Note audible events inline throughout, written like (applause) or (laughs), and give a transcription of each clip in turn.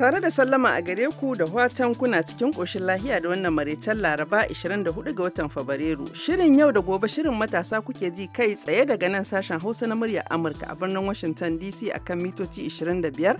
Tare da sallama a gare ku da watan kuna cikin koshin lahiya da wannan maraicen Laraba 24 ga watan Fabrairu. Shirin yau da gobe shirin matasa kuke ji kai tsaye daga nan sashen Hausa na muryar Amurka a birnin Washington DC a kan mitoci 25.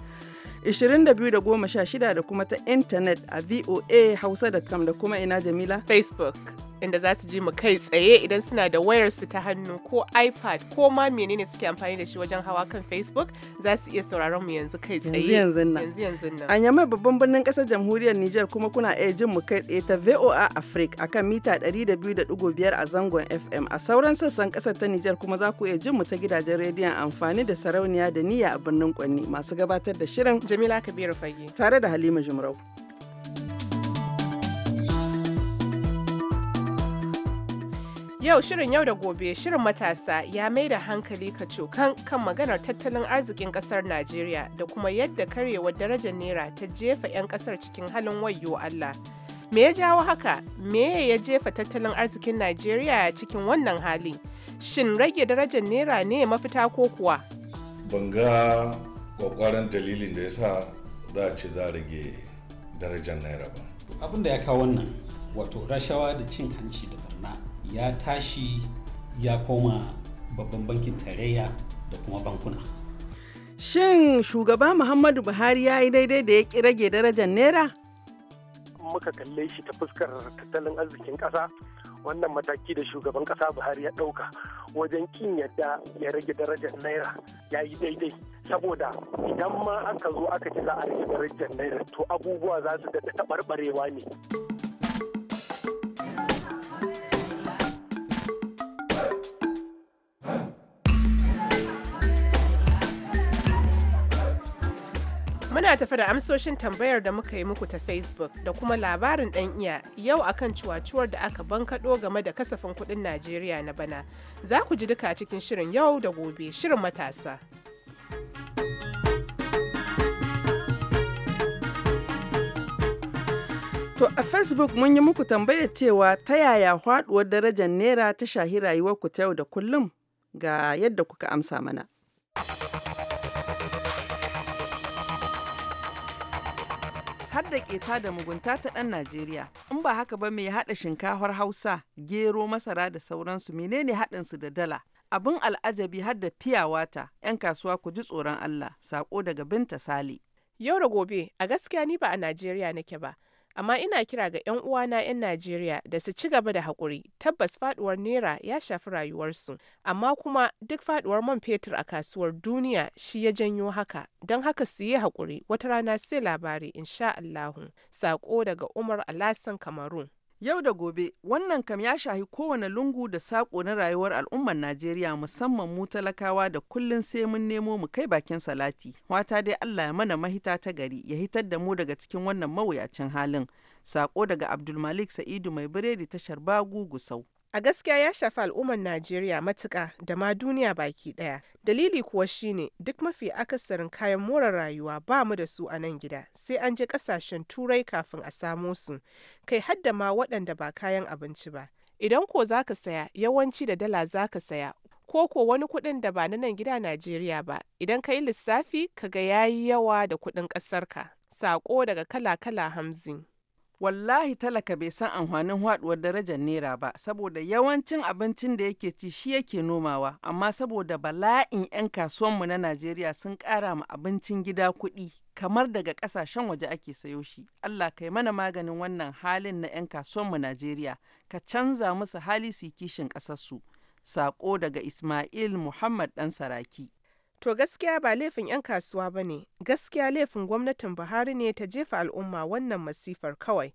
22 da shida da kuma ta intanet a voa hausa.com da kuma ina jamila facebook inda za su ji mu kai tsaye idan suna da wayarsu ta hannu ko ipad ko ma menene suke amfani da shi wajen hawa kan facebook za su iya sauraron mu yanzu kai tsaye yanzu yanzu nan an yamma babban birnin kasar jamhuriyar niger kuma kuna iya jin mu kai tsaye ta voa africa akan mita biyar a zangon fm a sauran sassan kasar ta niger kuma za ku iya jin mu ta gidajen rediyon amfani da sarauniya da niyya a birnin kwanni masu gabatar da shirin jamila kabiru fage tare da halima jumrau Yau shirin yau da gobe shirin matasa ya mai da hankali kacokan kan maganar tattalin arzikin kasar Najeriya da kuma yadda karyewar darajar naira ta jefa 'yan kasar cikin halin wayo Allah. Me ya jawo haka? Me ya jefa tattalin arzikin Najeriya cikin wannan hali? Shin rage darajar naira ne mafita ko kuwa? Ban ga kwakwaran dalilin da ya sa za a ce za a rage darajar naira ba. Abin da ya kawo wannan wato rashawa da cin hanci da ya tashi ya koma babban bankin tarayya da kuma bankuna. Shin shugaba Muhammadu Buhari ya yi daidai da ya ki rage darajar Naira? Muka kalle shi ta fuskar tattalin arzikin ƙasa wannan mataki da shugaban ƙasa Buhari ya ɗauka wajen ƙin yadda ya rage darajar Naira ya yi daidai. Saboda idan ma aka zo aka ci za a rage darajar Naira to abubuwa za su da ɓarɓarewa ne. Muna tafi da amsoshin tambayar da muka yi muku ta Facebook da kuma labarin ɗan iya yau akan cuwacuwar da aka bankaɗo game da kasafin kuɗin Najeriya na bana. Za ku ji duka cikin shirin yau da gobe shirin matasa. To a Facebook mun yi muku tambayar cewa ta yaya faɗuwar darajar Naira ta shahi ku ta yau da kullum ga yadda kuka amsa mana. har da keta da mugunta ta ɗan Najeriya. In ba haka ba mai haɗa shinkafar Hausa, gero, masara da sauransu menene su da dala. Abin al'ajabi har da fiyawata, 'yan kasuwa ku ji tsoron Allah, sako daga Binta Sale. Yau da gobe, a gaskiya ni ba a Najeriya nake ba, Amma ina kira ga 'yan uwana 'yan Najeriya da su ci gaba da haƙuri, tabbas faduwar Naira ya shafi rayuwarsu, amma kuma duk faduwar man fetur a kasuwar duniya shi ya janyo haka, don haka su yi haƙuri wata rana sai labari insha Allahu. Sako daga Umar Alhassan Kamaru. Yau da gobe, wannan kam ya shahi kowane lungu da saƙo na rayuwar al'ummar Najeriya musamman mu talakawa da kullun sai mun nemo mu kai bakin salati. Wata dai Allah ya mana mahita ta gari ya hitar da mu daga cikin wannan mawuyacin halin. Saƙo daga Abdulmalik Sa'idu mai biredi tashar Bagu Gusau. a gaskiya ya shafi al'ummar Najeriya matuƙa da ma duniya baki ɗaya. Dalili kuwa shine duk mafi akasarin kayan more rayuwa ba mu da su a nan gida sai an je ƙasashen turai kafin a samo su, kai hadda ma waɗanda ba kayan abinci ba. Idan ko za ka saya yawanci da dala za ka saya ko ko wani kuɗin da ba na nan gida Najeriya ba idan ka yi lissafi ka ga yayi yawa da kuɗin ƙasar ka Saƙo daga kala-kala hamsin. wallahi talaka bai san amfanin haɗuwar darajar naira ba saboda yawancin abincin da yake ci shi yake nomawa amma saboda bala'in 'yan kasuwanmu na najeriya sun ƙara ma abincin gida kuɗi kamar daga ƙasashen waje ake sayo shi allah kai mana maganin wannan halin na 'yan kasuwanmu najeriya ka canza musu hali su kishin ƙasarsu saƙo daga ismail muhammad ɗan saraki To gaskiya ba laifin 'yan kasuwa ba ne, gaskiya laifin gwamnatin Buhari ne ta jefa al'umma wannan masifar kawai,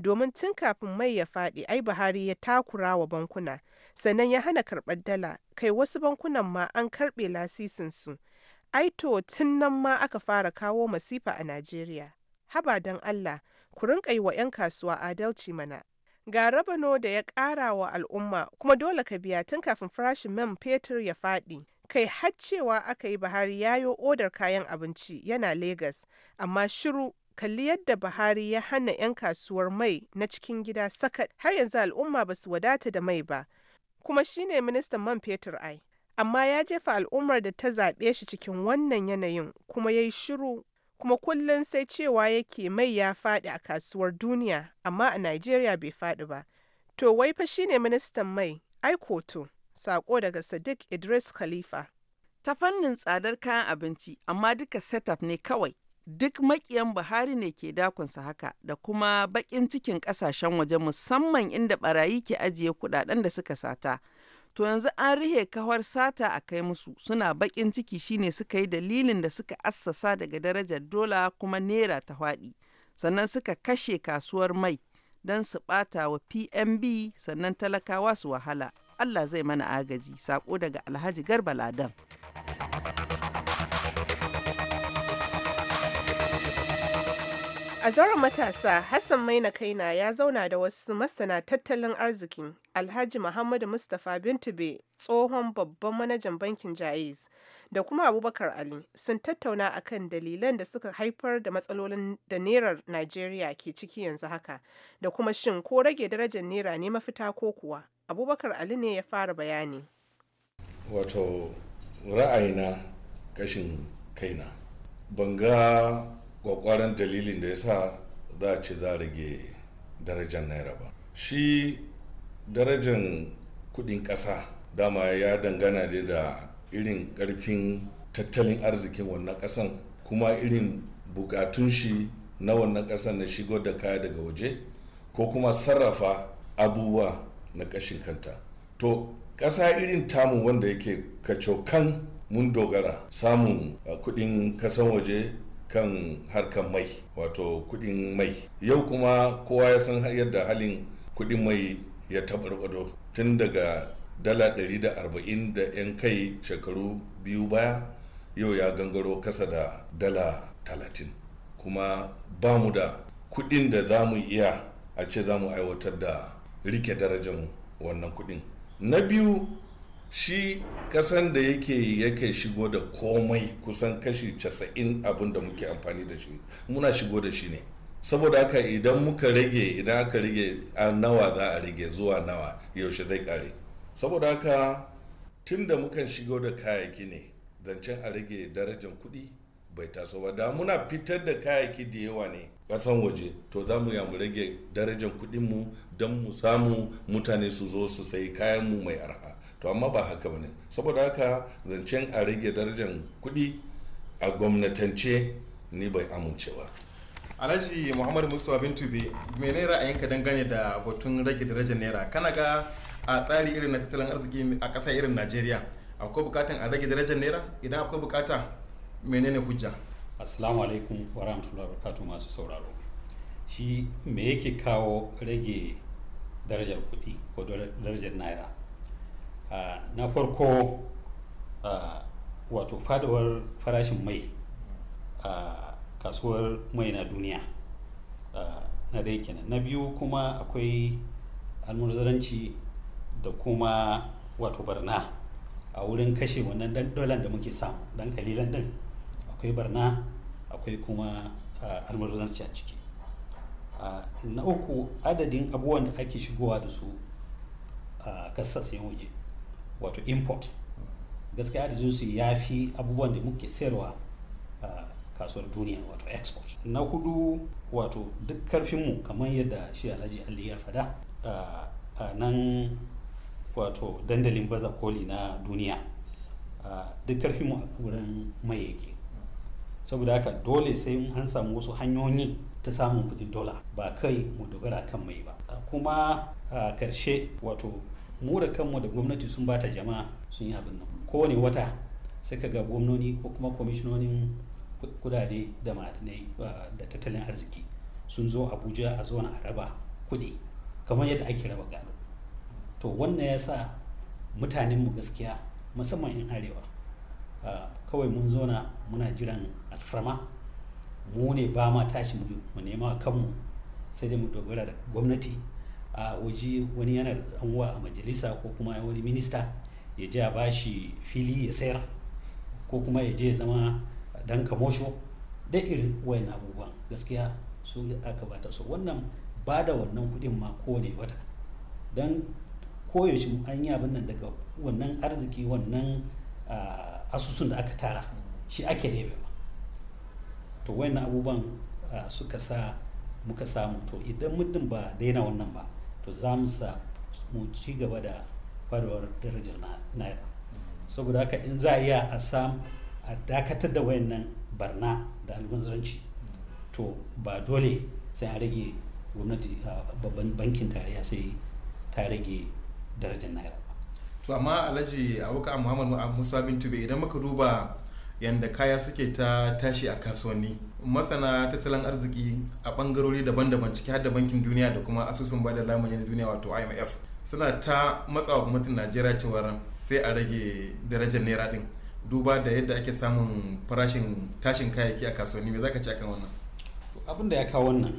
domin tun kafin mai ya faɗi ai Buhari ya takura wa bankuna, sannan ya hana karɓar dala, kai wasu bankunan ma an karɓe lasisinsu. Ai to tun nan ma aka fara kawo masifa a Najeriya. Haba don Allah, ku rinƙa yi wa 'yan kasuwa adalci mana. Ga rabano da ya ƙara wa al'umma kuma dole ka biya tun kafin farashin man fetur ya faɗi. kai haccewa aka yi Buhari ya yi odar kayan abinci yana Legas, amma shiru kalli yadda Buhari ya hana 'yan kasuwar mai na cikin gida sakat har yanzu al'umma ba su wadata da mai ba, kuma shine ministan man fetur ai. Amma ya jefa al'ummar da ta zaɓe shi cikin wannan yanayin kuma ya yi shiru kuma kullum sai cewa yake mai ya faɗi a kasuwar duniya amma a Najeriya bai faɗi ba. To wai fa shine ministan mai ai koto. Sako daga Sadiq Idris Khalifa. Ta fannin tsadar kayan abinci, amma duka setup ne kawai. Duk makiyan Buhari ne ke dakunsa haka da kuma bakin cikin kasashen waje musamman inda barayi ke ajiye kudaden da suka sata. To yanzu an rihe kawar sata a kai musu suna bakin ciki shine suka yi dalilin da suka assasa daga darajar dola kuma naira ta hwaɗi. Sannan suka kashe kasuwar mai don su ɓata wa PMB sannan talakawa su wahala. Allah zai mana agaji sako daga Alhaji Garba Ladan. A zauren matasa, Hassan Maina Kaina ya zauna da wasu masana tattalin arzikin Alhaji Muhammadu Mustapha Bintube, tsohon babban manajan bankin Jaiz, da kuma Abubakar Ali sun tattauna akan dalilan da suka haifar da matsalolin da nerar Najeriya ke ciki yanzu haka, da kuma shin ko rage darajar nera ne mafita ko kuwa. abubakar ali ne ya fara bayani wato ra'ayina kashin kaina ban ga kwakwaran dalilin da ya sa za a ce za a rage darajar naira ba shi darajar kudin ƙasa dama ya dangana ne da irin ƙarfin tattalin arzikin wannan ƙasan kuma irin bukatun shi na wannan ƙasan na shigo da kaya daga waje ko kuma sarrafa abubuwa na ƙashin kanta to ƙasa irin tamu wanda yake kacokan mun dogara samun ah, kuɗin kasan waje kan harkar mai wato kuɗin mai yau kuma kowa ya san yadda halin kuɗin mai ya taɓarɓado tun daga dala 140 da 'yan kai shekaru biyu baya yau ya gangaro kasa da dala 30 kuma ba mu da kuɗin da za mu iya a ce za mu aiwatar da rike darajar wannan kudin na biyu shi kasan da yake yake shigo da komai kusan kashi 90 abin da muke amfani da shi muna shigo da shi ne saboda haka idan muka rage idan aka rage a nawa za a rage zuwa nawa yaushe zai kare saboda haka tun da mukan shigo da kayayyaki ne zancen a rage darajar kuɗi bai taso ba da muna fitar da kayayyaki da yawa ne kasan waje to za mu mu rage darajar kuɗinmu don mu samu mutane su zo su sayi kayanmu mai arha to amma ba haka bane saboda haka zancen a rage darajar kuɗi a gwamnatance ni bai amince amincewa alhaji muhammad mustapha bin tube mene ra'ayinka dangane da batun rage darajar naira kana ga a tsari irin na tattalin arziki a ƙasa irin najeriya akwai bukatan a rage darajar naira idan akwai bukata menene hujja assalamu alaikum wa rahmatullahi wa masu sauraro shi me yake kawo rage darajar kuɗi ko darajar naira ah, na farko ah, wato faduwar farashin mai a ah, kasuwar mai na duniya na dai kenan na biyu kuma akwai almurzaranci da kuma wato barna a wurin kashe wannan dan da muke samu dan kalilan din akwai barna akwai kuma ah, almurzanci a ciki ah, na uku adadin abubuwan da ake shigowa da su a ah, kasashen waje wato import gaskiya adadin su ya fi abubuwan da muke sayarwa a kasuwar duniya wato export na hudu wato duk karfinmu kamar yadda shi alhaji ali ya fada a nan wato dandalin baza koli na duniya duk karfinmu a wurin mai yake saboda haka dole sai an samu wasu hanyoyi ta samun kuɗin dola ba kai mu dogara kan mai ba kuma a karshe wato mu da kanmu da gwamnati sun bata jama'a sun yi abin nan kowane wata sai ga gwamnoni ko kuma kwamishinonin kudade da ma'adinai da tattalin arziki sun zo abuja a zuwa a raba kuɗi kamar yadda ake raba gado to wannan ya sa mutanenmu gaskiya musamman 'yan arewa kawai mun zona muna jiran alfarma mu ne ba ma tashi mu nema kanmu sai dai mu dogara da gwamnati a waje wani yana da a majalisa ko kuma wani minista ya je a bashi fili ya sayar ko kuma ya je ya zama dan kamosho da irin wayan abubuwan gaskiya su aka bata so wannan ba da wannan kudin ma kowane wata don koyaushe an yi abin nan daga wannan arziki wannan ah, asusun da aka tara shi ake ɗebewa to wayannan abubuwan suka sa muka samu to idan mutum ba daina wannan ba to za mu sa mu ci gaba da faruwar darajar naira saboda haka in za a iya a sam a dakatar da wayannan barna da almanzaranci to ba dole sai a rage gwamnati babban bankin tarayya sai ta rage darajar naira to amma alhaji muhammadu a musa bintu bai idan muka duba yadda kaya suke ta tashi a kasuwanni masana tattalin arziki a bangarori daban-daban ciki har da bankin duniya da kuma asusun bada lamuni na duniya wato imf suna ta matsawa gwamnatin najeriya cewa sai a rage darajar naira din duba da yadda ake samun farashin tashin kayayyaki a kasuwanni me zaka ci akan wannan abin da ya kawo wannan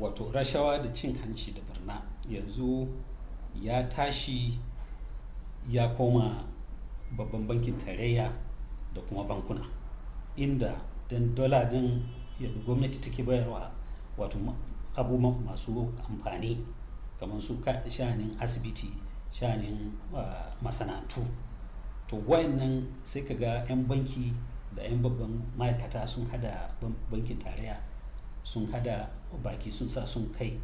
wato rashawa da cin hanci da barna yanzu ya tashi ya koma babban bankin tarayya da kuma bankuna inda don dola din yadda gwamnati take bayarwa wato abubuwan masu amfani kamar su shanin asibiti shanin ah, masana'antu to wayannan sai ka ga 'yan banki da 'yan babban ma'aikata sun hada bankin tarayya sun hada baki sun sa sun kai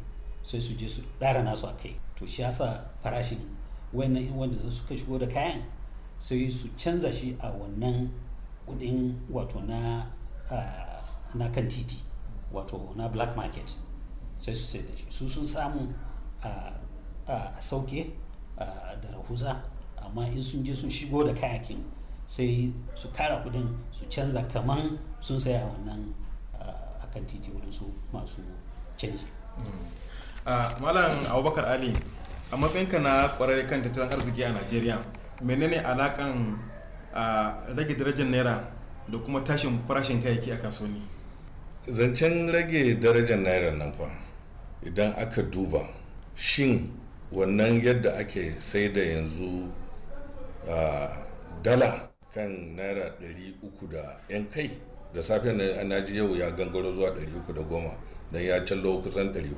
sai su je su ɗara nasu a kai to shi yasa farashin wayannan yan wanda suka shigo da kayan sai su canza shi a wannan kudin wato na kan titi wato na black market sai su sai da shi su sun samu a sauke da rahusa amma in sun je sun shigo da kayakin sai su kara kudin su canza kaman sun saya wannan a kan titi wadansu masu canji mm. malam abubakar ali a matsayinka na kwararre kan tattalin arziki a najeriya menene alakan rage darajar naira da kuma tashin farashin kayayyaki a kasuwanni zancen rage darajar naira nan fa idan aka duba shin wannan yadda ake sai da yanzu dala kan naira 300 da 'yan kai da safe na ji yau ya gangaro zuwa 310 don ya callo kusan 400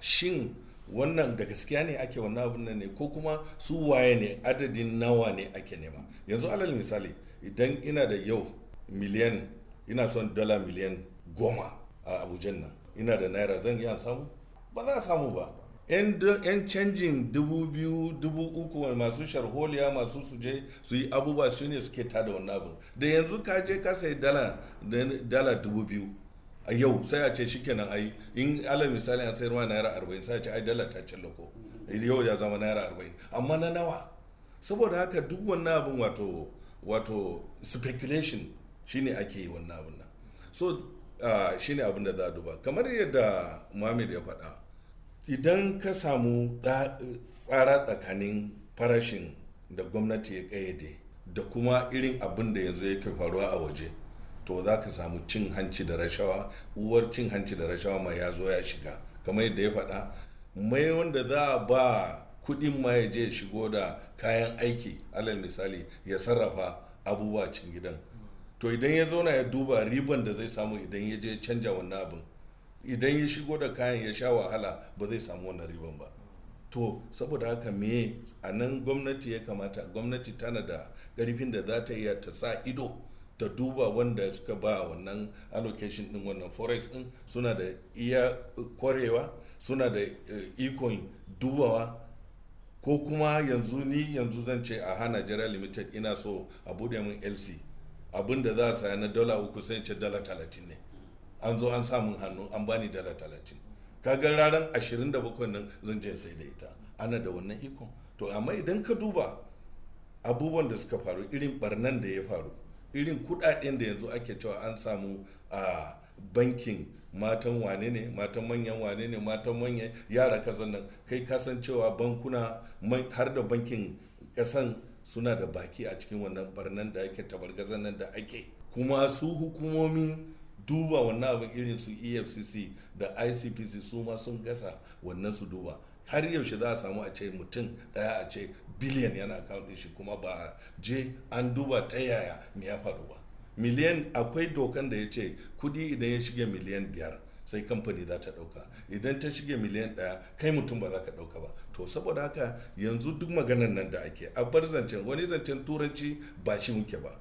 shin wannan da gaskiya ne ake wannan abin nan ne ko kuma su waye ne adadin nawa ne ake nema yanzu alal misali idan ina da yau miliyan ina son dala miliyan goma a abujan nan ina da naira zan iya samu ba za a samu ba yan canjin dubu biyu dubu uku masu sharholiya masu suje su yi abubuwa shine suke tada wannan abin da yanzu ka je ka sayi dala dubu biyu a yau sai a ce shikenan ai in ala misali an sayar ma naira arba'in sai a ce ai dala ta callako yau ya zama naira arba'in amma na nawa saboda haka duk wannan abin wato wato speculation shine ake yi wannan abin nan so shine abin da za a duba kamar yadda muhammad ya faɗa idan ka samu tsara tsakanin farashin da gwamnati ya kayyade da kuma irin abin da yanzu yake faruwa a waje to za ka samu cin hanci da rashawa uwar cin hanci da rashawa mai ya zo ya shiga kamar yadda ya faɗa mai wanda za a ba kuɗin ma ya je shigo da kayan aiki alal misali ya sarrafa abubuwa cin gidan to idan ya zauna ya duba riban da zai samu idan ya je canja wannan abin idan ya shigo da kayan ya sha wahala ba zai samu wannan riban ba to saboda haka me a nan gwamnati ya kamata gwamnati tana da ƙarfin da za ta iya ta sa ido ta duba wanda suka ba wannan allocation din wannan forex din suna da iya kwarewa suna da eh, ikon dubawa ko kuma yanzu ni yanzu zan ce a hana Nigeria limited ina so a bude min lc abinda za a saya na dala uku sai ce dala talatin ne an zo an samun hannu an bani dala talatin kaga ranar 27 nan zan je sai da ita ana da wannan ikon to amma idan ka duba abubuwan da suka faru irin barnan da ya faru irin kudaden da yanzu ake cewa an samu a bankin matan wane ne matan manyan wane ne matan manyan yara kasan nan kai kasancewa bankuna har da bankin kasan suna da baki a cikin wannan barnan da ake tabargazan nan da ake kuma su hukumomi duba wannan abin irin su efcc da icpc su ma sun gasa wannan su duba har yaushe za a samu a ce mutum daya a ce biliyan yana account din shi kuma ba je an duba ta yaya me ya faru ba miliyan akwai dokan da ya ce kudi idan ya shige miliyan biyar sai kamfani za ta dauka idan ta shige miliyan daya kai mutum ba za ka dauka ba to saboda haka yanzu duk maganar nan da ake a bar zancen wani zancen turanci ba shi muke ba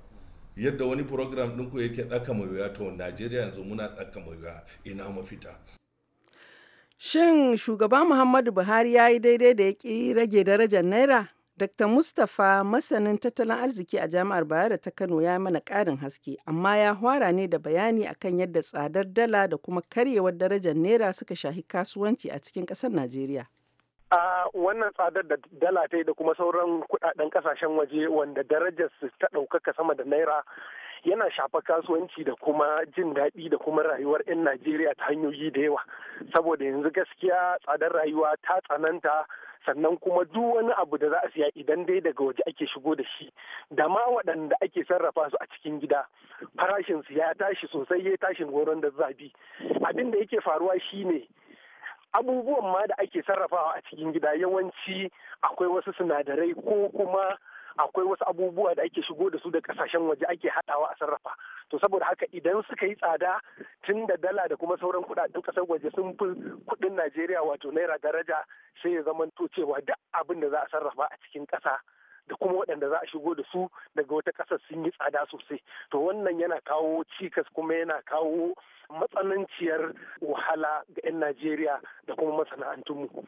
yadda wani program ɗinku yake tsaka mai wuya to najeriya yanzu muna tsaka mai wuya ina mafita Shin shugaba Muhammadu Buhari ya yi daidai da ya ƙi rage darajar Naira? Dr. Mustapha masanin tattalin arziki a Jami'ar Bayero ta Kano ya mana ƙarin haske, amma ya hwara ne da bayani akan yadda tsadar dala da kuma karyewar darajar Naira suka shahi kasuwanci a cikin ƙasar Najeriya. a wannan tsadar da dala ta yi da kuma sauran kudaden kasashen waje wanda darajar su ta ɗaukaka sama da naira yana shafa kasuwanci da kuma jin daɗi da kuma rayuwar 'yan Najeriya ta hanyoyi da yawa saboda yanzu gaskiya tsadar rayuwa ta tsananta sannan kuma duk wani abu da za a siya idan dai daga waje ake shigo da shi da ma waɗanda ake sarrafa su a cikin gida farashinsu ya tashi sosai ya tashi goron da zabi abin da yake faruwa shine abubuwan ma da ake sarrafawa a cikin gida yawanci akwai wasu sinadarai ko kuma akwai wasu abubuwa da ake shigo da su da kasashen waje ake haɗawa a sarrafa to saboda haka idan suka yi tsada tun da dala da kuma sauran kuɗaɗen kasar waje sun fi kuɗin najeriya wato naira daraja sai ya zama to cewa duk abin da za a sarrafa a cikin ƙasa da kuma waɗanda za a shigo da su daga wata ƙasar sun yi tsada sosai to wannan yana kawo cikas kuma yana kawo matsananciyar wahala ga 'yan najeriya da kuma masana'antunmu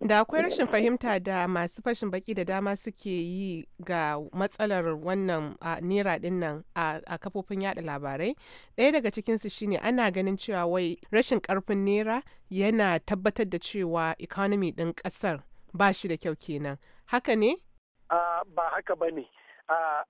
Da akwai rashin fahimta da masu fashin baki da dama suke yi ga matsalar wannan nera din nan a kafofin yada labarai. Ɗaya daga cikinsu shine ana ganin cewa wai rashin karfin naira yana tabbatar da cewa economy ɗin ƙasar ba shi da kyau kenan. Haka ne? ba haka ba ne.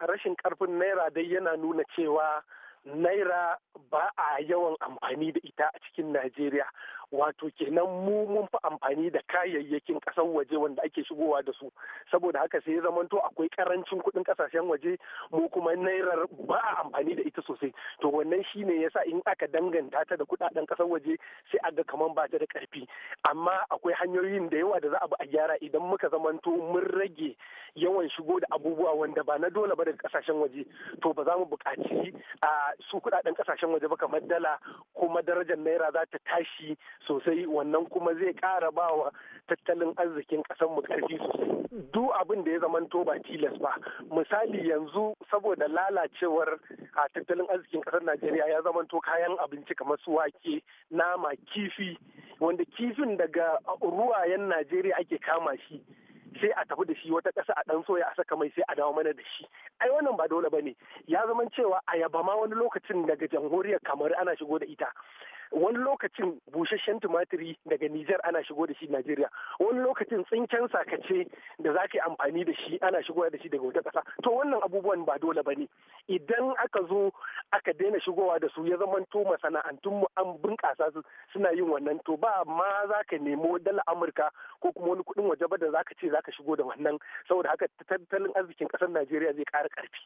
rashin karfin naira dai yana nuna cewa naira ba a yawan amfani da ita a cikin Najeriya. wato kenan mu mun fi amfani da kayayyakin ƙasar waje wanda ake shigowa da su saboda haka sai ya zamanto akwai karancin kuɗin ƙasashen waje mu kuma naira ba a amfani da ita sosai to wannan shine yasa in aka danganta ta da kuɗaɗen ƙasar waje sai a ga kamar ba ta da ƙarfi amma akwai hanyoyin da yawa da za a bi a gyara idan muka zamanto mun rage yawan shigo da abubuwa wanda ba na dole ba daga ƙasashen waje to ba za mu buƙaci a su kuɗaɗen ƙasashen waje ba kamar dala kuma darajar naira za ta tashi sosai wannan kuma zai ƙara bawa tattalin arzikin ƙasar mu ƙarfi sosai duk abin da ya zamanto ba tilas ba misali yanzu saboda lalacewar a tattalin arzikin ƙasar Najeriya ya zamanto kayan abinci kamar su wake nama kifi wanda kifin daga ruwayen Najeriya ake kama shi sai a tafi da shi wata ƙasa a ɗan soya a saka mai sai a dawo mana da shi ai wannan ba dole bane ya zama cewa a yaba ma wani lokacin daga jamhuriyar kamar ana shigo da ita wani lokacin busasshen tumatiri daga Nijar ana shigo da shi Najeriya wani lokacin tsinken sakace da za ka yi amfani da shi ana shigo da shi daga wata ƙasa to wannan abubuwan ba dole ba ne idan aka zo aka daina shigowa da su ya zama zamanto masana'antun mu an bunƙasa su suna yin wannan to ba ma za ka nemo dala Amurka ko kuma wani kuɗin waje ba da za ka ce za ka shigo da wannan saboda haka tattalin arzikin ƙasar Najeriya zai ƙara ƙarfi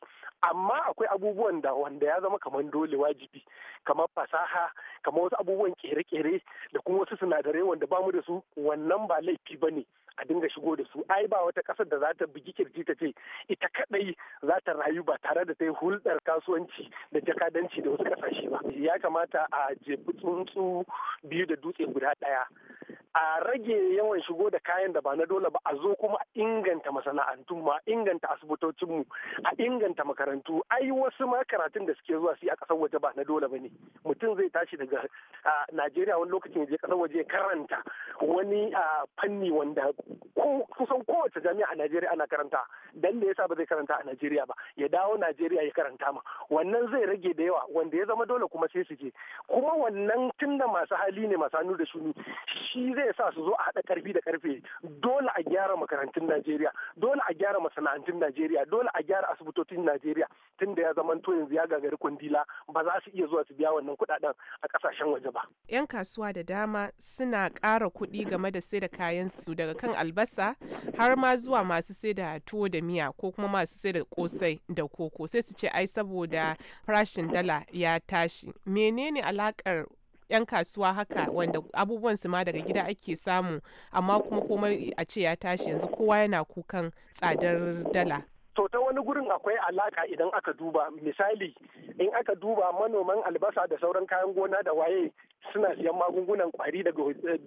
amma akwai abubuwan da wanda ya zama kamar dole wajibi kamar fasaha kamar wasu abubuwan kere-kere da kuma wasu sinadarai wanda ba mu da su wannan ba laifi ba ne a dinga shigo da su ai ba wata ƙasar da za ta bugi kirji ta ce ita kadai za ta rayu ba tare da ta yi hulɗar kasuwanci da jakadanci da wasu ƙasashe ba ya kamata a jefi tsuntsu biyu da dutse guda ɗaya a rage yawan shigo da kayan da ba na dole ba a zo kuma a inganta masana'antu ma inganta asibitocinmu a inganta makarantu ai wasu ma karatun da suke zuwa su a kasar waje ba na dole ba ne mutum zai tashi daga najeriya wani lokacin je kasar waje karanta wani fanni wanda kusan kowace jami'a a najeriya ana karanta dan da yasa ba zai karanta a najeriya ba ya dawo najeriya ya karanta ma wannan zai rage da yawa wanda ya zama dole kuma sai su je kuma wannan tunda masu hali ne masu hannu da shuni shi zai ya sa su zo a haɗa ƙarfi da ƙarfe dole a gyara makarantun Najeriya dole a gyara masana'antun Najeriya dole a gyara asibitocin Najeriya tun da ya zamanto yanzu ya gagari kwandila ba za su iya zuwa su biya wannan kuɗaɗen a ƙasashen waje ba. 'Yan kasuwa da dama suna ƙara kuɗi game da sai da kayan su daga kan albasa har ma zuwa masu sai da tuwo da miya ko kuma masu sai da kosai da koko sai su ce ai saboda rashin dala ya tashi menene alaƙar? 'yan kasuwa haka wanda abubuwan su ma daga gida ake samu amma kuma komai a ce ya tashi yanzu kowa yana kukan tsadar dala to ta wani gurin akwai alaka idan aka duba misali in aka duba manoman albasa da sauran kayan gona da waye suna siyan magungunan kwari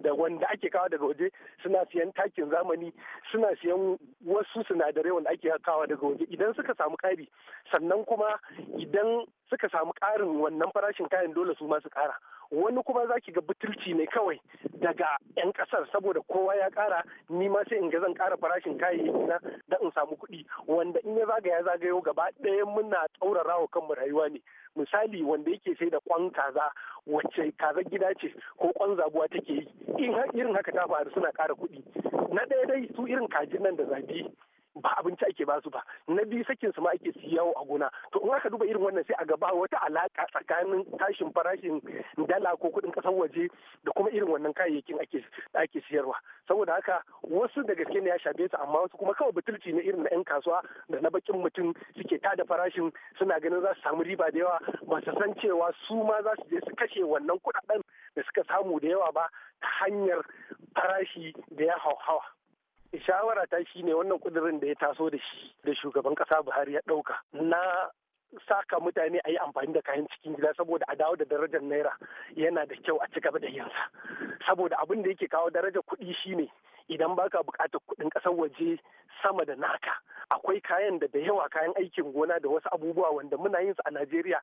da wanda ake kawo daga waje suna siyan takin zamani suna siyan wasu sinadarai wanda ake kawo daga waje idan suka samu kari sannan kuma idan suka samu ƙarin wannan farashin kayan dole su ma su ƙara wani kuma zaki ga butulci ne kawai daga 'yan kasar saboda kowa ya kara ni ma sai in ga zan kara farashin kayayyaki na da in samu kuɗi wanda in ya zagaya zagayo gaba ɗaya muna tsaurara wa kanmu rayuwa ne misali wanda yake sai da kwan kaza wacce kaza tsarar gida ce ko kwan zabuwa take yi in irin haka ta faru suna ƙara kuɗi na ɗaya dai su irin kajin nan da zabi ba abinci ake ba su ba na biyu sakin su ma ake su yawo a gona to in aka duba irin wannan sai a gaba wata alaka tsakanin tashin farashin dala ko kuɗin kasar waje da kuma irin wannan kayayyakin ake ake siyarwa saboda haka wasu da gaske ne ya shafe su amma wasu kuma kawai butulci ne irin na 'yan kasuwa da na bakin mutum suke tada farashin suna ganin za su samu riba da yawa ba su san cewa su ma za su je su kashe wannan kuɗaɗen da suka samu da yawa ba ta hanyar farashi da ya hauhawa. shawara ta ne wannan kudirin da ya taso da shi da shugaban kasa buhari ya ɗauka na saka mutane a yi amfani da kayan cikin gida saboda a dawo da darajar naira yana da kyau a ci gaba da yinsa saboda abin da yake kawo darajar kuɗi shine idan baka buƙatar kuɗin ƙasar waje sama da naka akwai kayan da da yawa kayan aikin gona da wasu abubuwa wanda muna yin su a Najeriya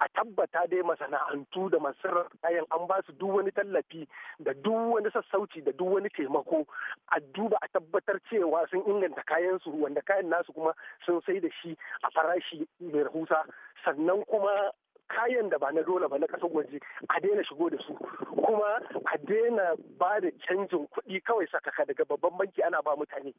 a tabbata dai masana'antu da masu kayan an ba su duk wani tallafi da duk wani sassauci da duk wani taimako a duba a tabbatar cewa sun inganta kayan su wanda kayan nasu kuma sun sai da shi a farashi mai rahusa sannan kuma kayan da ba na dole ba na kasar waje a daina shigo da su kuma a daina ba da canjin kuɗi kawai sakaka daga babban banki ana ba mutane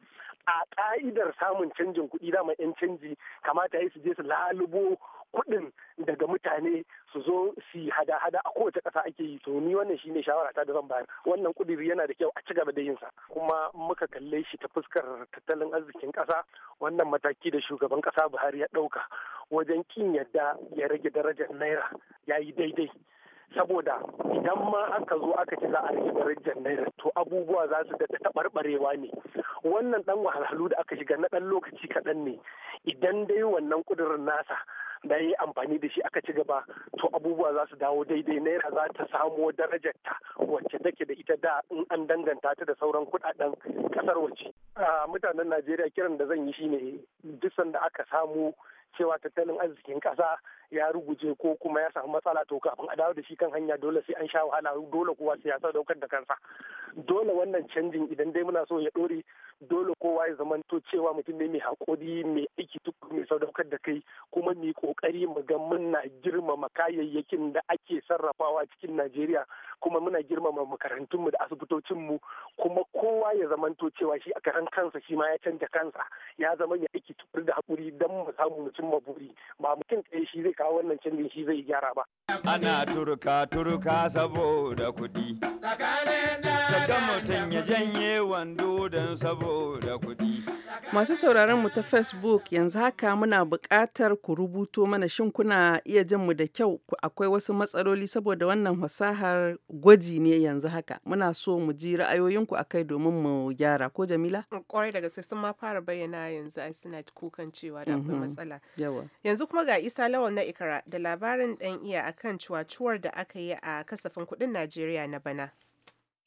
a ƙa'idar samun canjin kuɗi dama 'yan canji kamata ya su je su lalubo kuɗin daga mutane su zo su yi hada-hada a kowace ƙasa ake yi to ni wannan shine shawara ta da zan bayar wannan kudiri yana da kyau a ci gaba da yinsa kuma muka kalle shi ta fuskar tattalin arzikin ƙasa wannan mataki da shugaban ƙasa Buhari ya ɗauka wajen kin yadda ya rage darajar naira ya yi daidai saboda idan ma aka zo aka ci za a rage darajar naira to abubuwa za su daɗa taɓarɓarewa ne wannan ɗan wahalhalu da aka shiga na ɗan lokaci kaɗan ne idan dai wannan ƙudurin nasa na yi amfani da shi aka ci gaba to abubuwa za su dawo daidai naira za ta samo darajarta wacce take da ita da in an danganta ta da sauran kudaden kasar waje mutanen najeriya kiran da zan yi shine duk sanda aka samu cewa tattalin arzikin kasa ya ruguje ko kuma ya samu matsala to kafin a dawo da shi kan hanya dole sai an sha wahala dole kowa sai ya sa daukar da kansa dole wannan canjin idan dai muna so ya dore dole kowa ya zama to cewa mutum ne mai hakuri mai aiki tukuru mai sadaukar da kai kuma mai kokari mu ga muna girmama kayayyakin da ake sarrafawa cikin Najeriya kuma muna girmama makarantunmu da asibitocin mu kuma kowa ya zama to cewa shi a karan kansa shi ma ya canja kansa ya zama mai aiki tukuru da hakuri dan mu samu mutum cimma buri ba mutum ɗaya shi zai kawo wannan canjin shi zai gyara ba. Ana turka turka saboda kuɗi. da mutum ya janye wando don saboda kuɗi. Masu sauraron mu ta Facebook yanzu haka muna buƙatar ku rubuto mana shin kuna iya jin mu da kyau akwai wasu matsaloli saboda wannan fasahar gwaji ne yanzu haka. Muna so mu ji ra'ayoyinku a kai domin mu gyara ko Jamila? Kwarai da gaske sun ma fara bayyana yanzu ai suna kukan cewa da akwai mm-hmm. matsala. Yanzu kuma ga Isa Lawal na ikara da labarin ɗan iya akan cuwacuwar da aka yi a kasafin kuɗin Najeriya na bana.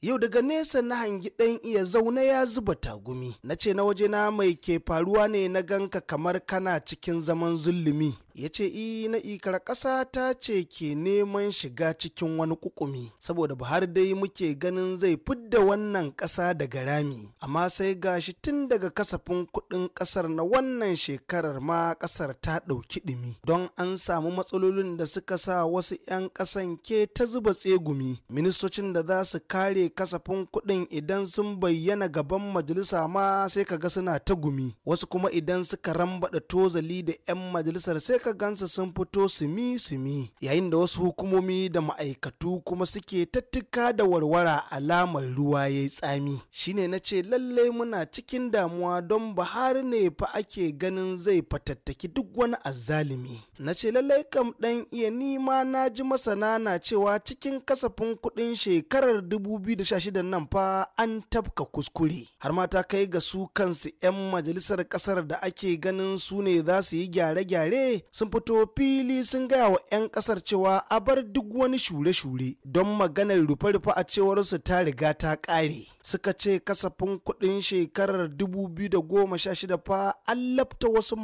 Yau daga nesa na hangi ɗan iya zaune ya zuba tagumi, na ce na waje na mai ke faruwa ne na ganka kamar kana cikin zaman zulumi. ya ce i na ikar ƙasa ta ce ke neman shiga cikin wani kukumi saboda buhari dai muke ganin zai fidda wannan ƙasa daga rami amma sai gashi tun daga kasafin kuɗin ƙasar na wannan shekarar ma ƙasar ta ɗauki ɗumi don an samu matsalolin da suka sa wasu 'yan ƙasan ke ta zuba tsegumi ministocin da za su kare kasafin kuɗin idan sun bayyana gaban majalisa ma sai ka ga suna ta gumi wasu kuma idan suka rambaɗa tozali da 'yan majalisar sai ka gansa sun fito simi-simi yayin da wasu hukumomi da ma'aikatu kuma suke tattuka da warwara alamar ruwa ya yi tsami shine na ce lallai muna cikin damuwa don bahar ne fa ake ganin zai fatattaki duk wani azzalimi na ce lallai kam dan iya nima na ji masana na cewa cikin kasafin kuɗin shekarar 2016 nan fa an tafka kuskure har ma ta kai ga su kansu 'yan majalisar ƙasar da ake ganin su ne za su yi gyare-gyare sun fito fili sun gaya wa 'yan kasar cewa a bar duk wani shure-shure don maganar rufe-rufe a cewar su ta riga ta ƙare suka ce kasafin kuɗin shekarar 2016 fa an lafta wasu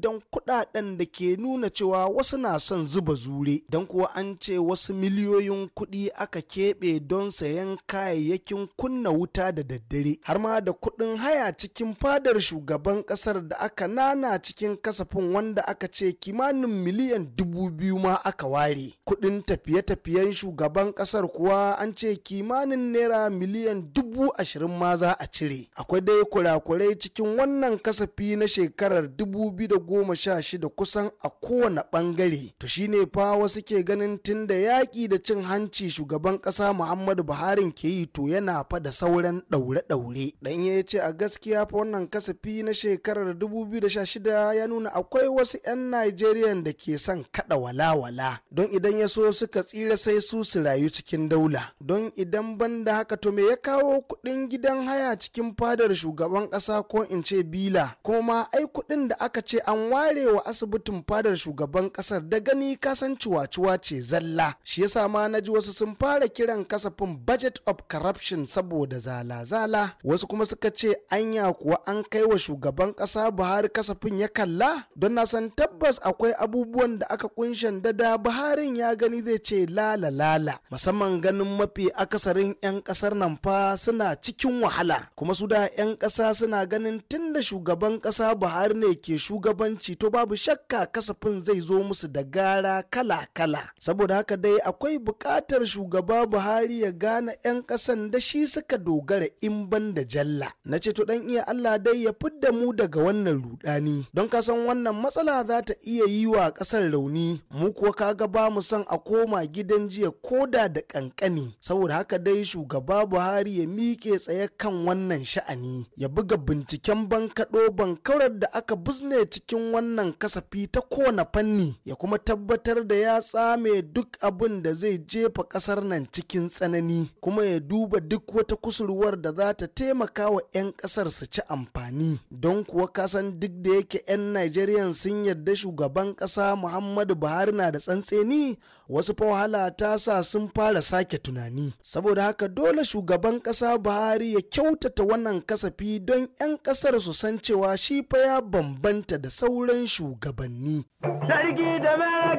don kuɗaɗen da ke nuna cewa wasu na son zuba zure don kuwa an ce wasu miliyoyin kuɗi aka keɓe don sayan kayayyakin kunna wuta da daddare har ma da kuɗin haya cikin fadar shugaban ƙasar da aka nana cikin kasafin wanda aka ce kimanin miliyan dubu biyu ma aka ware kudin tafiye-tafiyen shugaban kasar kuwa an ce kimanin naira miliyan dubu ashirin ma za a cire akwai dai kurakurai cikin wannan kasafi na shekarar dubu biyu da goma sha shida kusan a kowane bangare to shine fa wasu ke ganin tun da yaƙi da cin hanci shugaban ƙasa muhammadu buhari ke yi to yana fa da sauran ɗaure-ɗaure dan ya ce a gaskiya fa wannan kasafi na shekarar dubu biyu da sha shida ya nuna akwai wasu 'yan najeriya najeriyan da ke son kada wala-wala don idan ya so suka tsira sai su su rayu cikin daula don idan banda haka to me ya kawo kuɗin gidan haya cikin fadar shugaban ƙasa ko in ce bila kuma ma ai kuɗin da aka ce an ware wa asibitin fadar shugaban ƙasar da gani kasan cuwa-cuwa ce zalla shi yasa ma na ji wasu sun fara kiran kasafin budget of corruption saboda zala-zala wasu kuma suka ce anya kuwa an kai wa shugaban ƙasa buhari kasafin ya kalla don na san tabbas akwai abubuwan da aka kunshan dada buharin ya gani zai ce lala lala musamman ganin mafi akasarin 'yan kasar nan fa suna cikin wahala kuma su da 'yan kasa suna ganin tun da shugaban kasa buhari ne ke shugabanci to babu shakka kasafin zai zo musu da gara kala kala saboda haka dai akwai bukatar shugaba buhari ya gane 'yan kasan da shi suka dogara in ban da jalla na ce to dan iya allah dai ya fidda mu daga wannan rudani don kasan wannan matsala za ta iya iya yi wa ƙasar rauni mu kuwa kaga ba mu son a koma gidan jiya koda da ƙanƙani saboda haka dai shugaba buhari ya miƙe tsaye kan wannan sha'ani ya buga binciken bankaɗo bankaurar da aka buzne cikin wannan kasafi ta kowane fanni ya kuma tabbatar da ya tsame duk abin da zai jefa ƙasar nan cikin tsanani kuma ya duba duk wata kusurwar da za ta taimaka wa 'yan ƙasar su ci amfani don kuwa kasan duk da yake 'yan najeriya sun yarda shugaba shugaban ƙasa muhammadu buhari na da tsantseni wasu fawahala ta sa sun fara sake tunani saboda haka dole shugaban ƙasa buhari ya kyautata wannan kasafi don 'yan ƙasar su san cewa shi fa ya bambanta da sauran shugabanni sarki da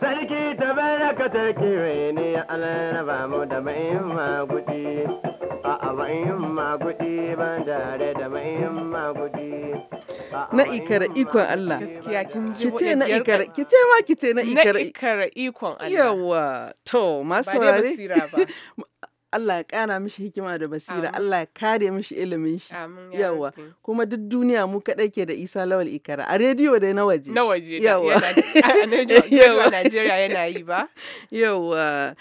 sarki ta ne mu da ba a bayin magudi ban dare da bayin magudi na ikara ikon Allah gaskiya kin ji na ikara kite ma kite na ikara na ikara ikon Allah yawa to masu (laughs) Allah ya ƙara mishi hikima da basira, Allah ya kare mishi ilimin shi. Yawa, kuma duk duniya mu kaɗai ke da Isa Lawal Ikara a rediyo dai na waje. Na waje. Yawa. (laughs) A (laughs) Nigeria yana yi ba. Yawa.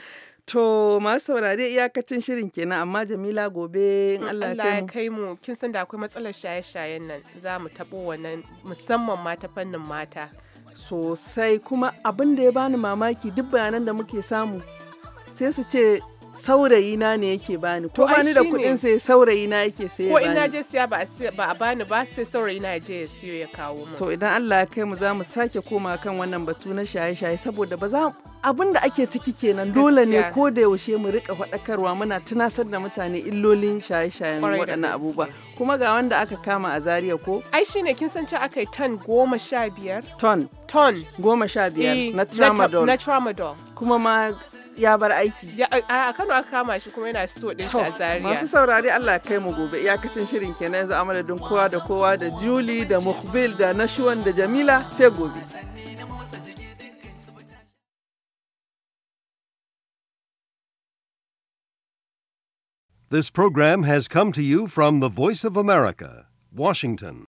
To masu saurare iyakacin shirin kenan amma Jamila gobe in Allah ya kai mu kin san da akwai matsalar shaye-shayen nan za mu taɓo wannan musamman ma ta fannin mata. Sosai kuma abin da ya bani mamaki duk bayanan da muke samu sai su ce saurayi na ne yake bani ko bani da kuɗin sai saurayi na yake sai ko ina je siya ba a bani ba sai saurayi na je ya siyo ya kawo mu to idan Allah ya kai mu za mu sake koma kan wannan batu na shaye-shaye saboda ba za abin da ake ciki kenan dole ne ko da yaushe mu rika faɗakarwa muna tunasar da mutane illolin shaye-shayen waɗannan abubuwa kuma ga wanda aka kama a zaria ko ai shine kin san cewa aka ton goma sha biyar ton ton goma sha biyar eh, na tramadol kuma ma ya bar aiki. A Kano aka kama shi kuma yana so ɗin shi a Zaria. Masu saurari Allah kai mu gobe iyakacin shirin kenan yanzu kowa da kowa da Julie da Mukbil da Nashuwan da Jamila sai gobe. This program has come to you from the Voice of America, Washington.